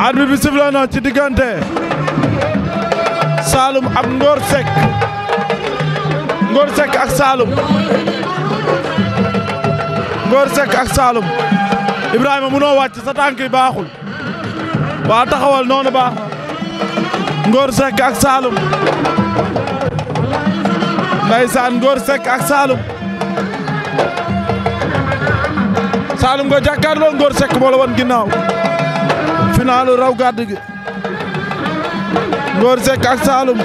arbitre bi sifflé na ci diggante Saloum ak Ngor Seck Ngor Seck ak Saloum Ngor Seck ak Saloum Ibrahima munoo wàcc sa tànk yi baaxul waa taxawal noon baax Ngor Seck ak Saloum ndaysaan Ngor ak Saloum Saloum nga jàkkaarloo Ngor Seck moo la woon ginnaaw finalu raw gàdd gi Ngor Seck ak Saloum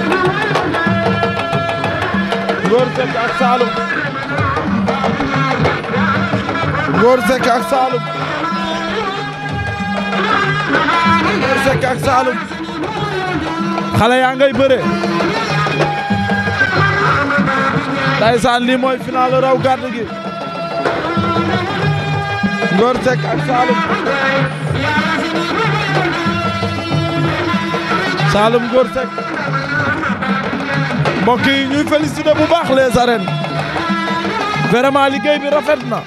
Ngor Seck ak Saloum Ngor Seck ngay bëre ndaysaan lii mooy finalu raw gàdd gi Saloum Ngor Seck mbokk yi ñuy féliciter bu baax les arènes liggéey bi rafet na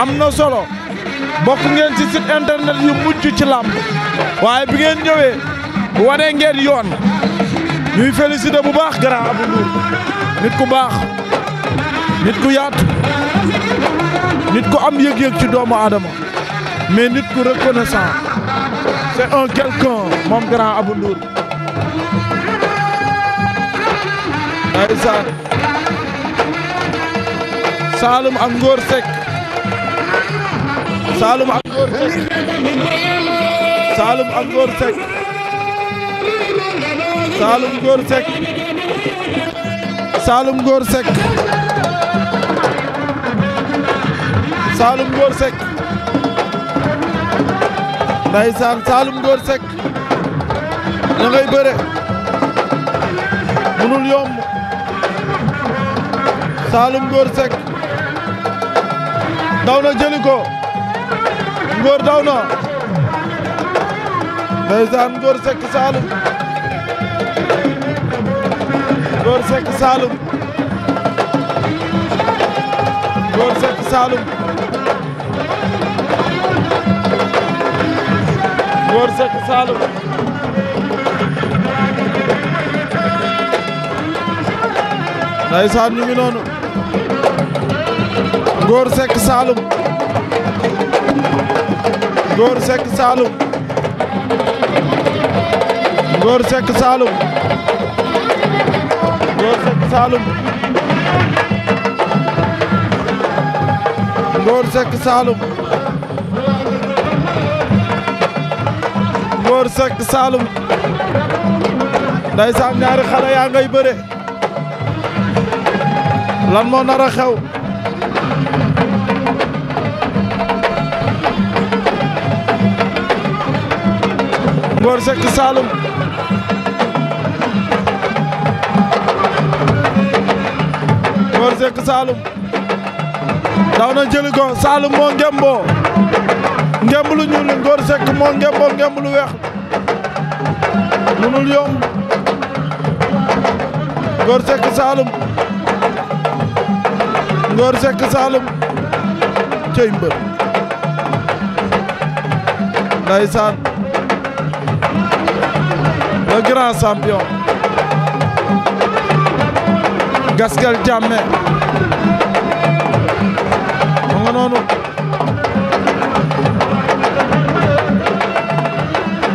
am na solo bokk ngeen si site internet yu mujj ci làmb waaye bi ngeen ñëwee wane ngeen yoon ñuy féliciter bu baax gara Abou Ndour nit ku baax nit ku yaatu nit ku am yëg-yëg ci doomu aadama mais nit ku reconnaissant c'est un quelqu'un moom grand Abou Ndour ndeysaan Saloum ak Ngor Seck Saloum ak Ngor ndaysaan Saalum Ngor Seck ña ngay bëre munul yomb Saalum Ngor Seck daw na jëli ko Ngor daw na ndaysaan Ngor Saalum Ngor Seck Saalum Ngor Seck Saalum Ngor Seck Saloum ndeysaan ñu ngi noonu Ngor Seck Ngor Seck Saloum ndeysaan ñaari xale yaa ngay bëre lan moo nar xew Ngor Seck Saloum Ngor Seck Saloum daw na jëli ko Saloum moo ngemboo ngemb lu ñuul li Ngor Seck moo ngemboon ngemb lu weex munul yomb Ngor Seck Saalum Ngor Seck Saalum cey mbër ndeysaan le grand Gaskel Jamme mu nga noonu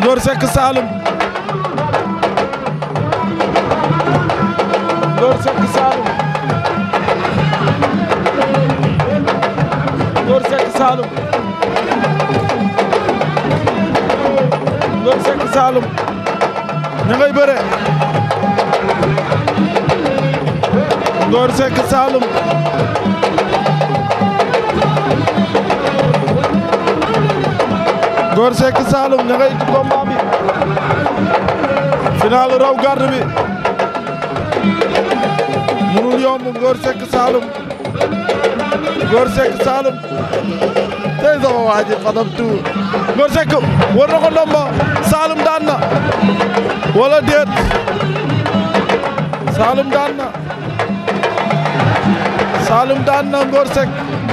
Ngor Seck Saloum Ngor Seck Saloum Ngor Seck Saloum Ngor ngay bëre Ngor Seck Saloum ña ngay ci combat raw garde bi munul yomb Ngor Seck Saloum Ngor Seck Saloum tey sama waa war na ko ndomba Saloum wala déet Saloum daan na Saloum daan